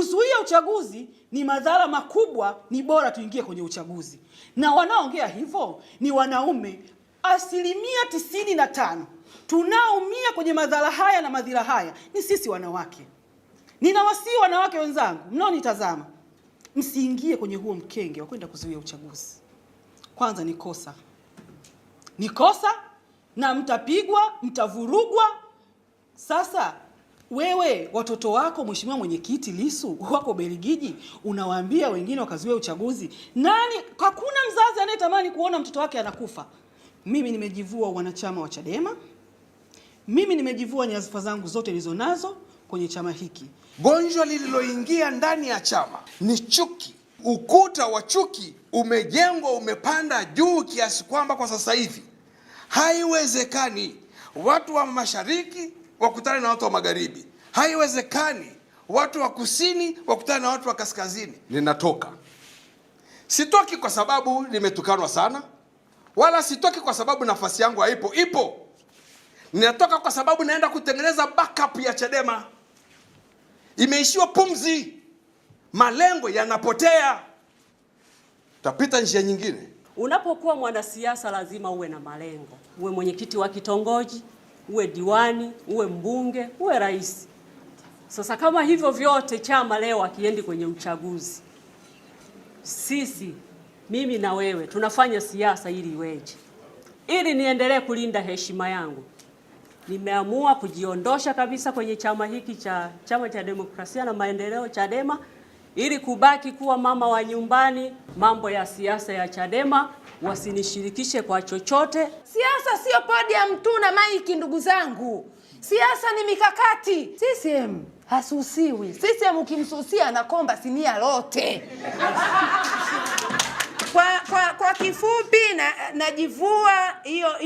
kuzuia uchaguzi ni madhara makubwa, ni bora tuingie kwenye uchaguzi. Na wanaongea hivyo ni wanaume asilimia tisini na tano. Tunaoumia kwenye madhara haya na madhira haya ni sisi wanawake. Ninawasihi wanawake wenzangu mnaonitazama, msiingie kwenye huo mkenge wa kwenda kuzuia uchaguzi. Kwanza ni kosa, ni kosa na mtapigwa, mtavurugwa. Sasa wewe watoto wako Mheshimiwa Mwenyekiti Lissu wako Beligiji, unawaambia wengine wakazuia uchaguzi. Nani? Hakuna mzazi anayetamani kuona mtoto wake anakufa. Mimi nimejivua wanachama wa Chadema, mimi nimejivua nyadhifa zangu zote nilizo nazo kwenye chama hiki. Gonjwa lililoingia ndani ya chama ni chuki. Ukuta wa chuki umejengwa, umepanda juu kiasi kwamba kwa sasa hivi haiwezekani watu wa mashariki wakutane na watu wa magharibi. Haiwezekani watu wa kusini wakutane na watu wa kaskazini. Ninatoka, sitoki kwa sababu nimetukanwa sana, wala sitoki kwa sababu nafasi yangu haipo, ipo. Ninatoka kwa sababu naenda kutengeneza backup ya Chadema. Imeishiwa pumzi, malengo yanapotea, tapita njia nyingine. Unapokuwa mwanasiasa lazima uwe na malengo, uwe mwenyekiti wa kitongoji uwe diwani, uwe mbunge, uwe rais. Sasa kama hivyo vyote chama leo akiendi kwenye uchaguzi, sisi mimi na wewe tunafanya siasa ili iweje? Ili niendelee kulinda heshima yangu, nimeamua kujiondosha kabisa kwenye chama hiki cha Chama cha Demokrasia na Maendeleo, Chadema ili kubaki kuwa mama wa nyumbani. Mambo ya siasa ya Chadema wasinishirikishe kwa chochote. Siasa sio podi ya mtuna maiki, ndugu zangu. Siasa ni mikakati. CCM hasusiwi. CCM ukimsusia anakomba sinia lote kwa, kwa, kwa kifupi najivua na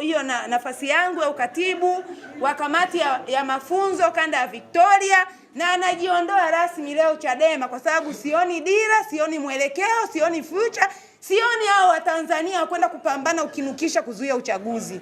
hiyo na, nafasi yangu ya ukatibu wa kamati ya, ya mafunzo kanda ya Victoria na najiondoa rasmi leo Chadema kwa sababu sioni dira, sioni mwelekeo, sioni future, sioni hao Watanzania kwenda kupambana ukinukisha kuzuia uchaguzi.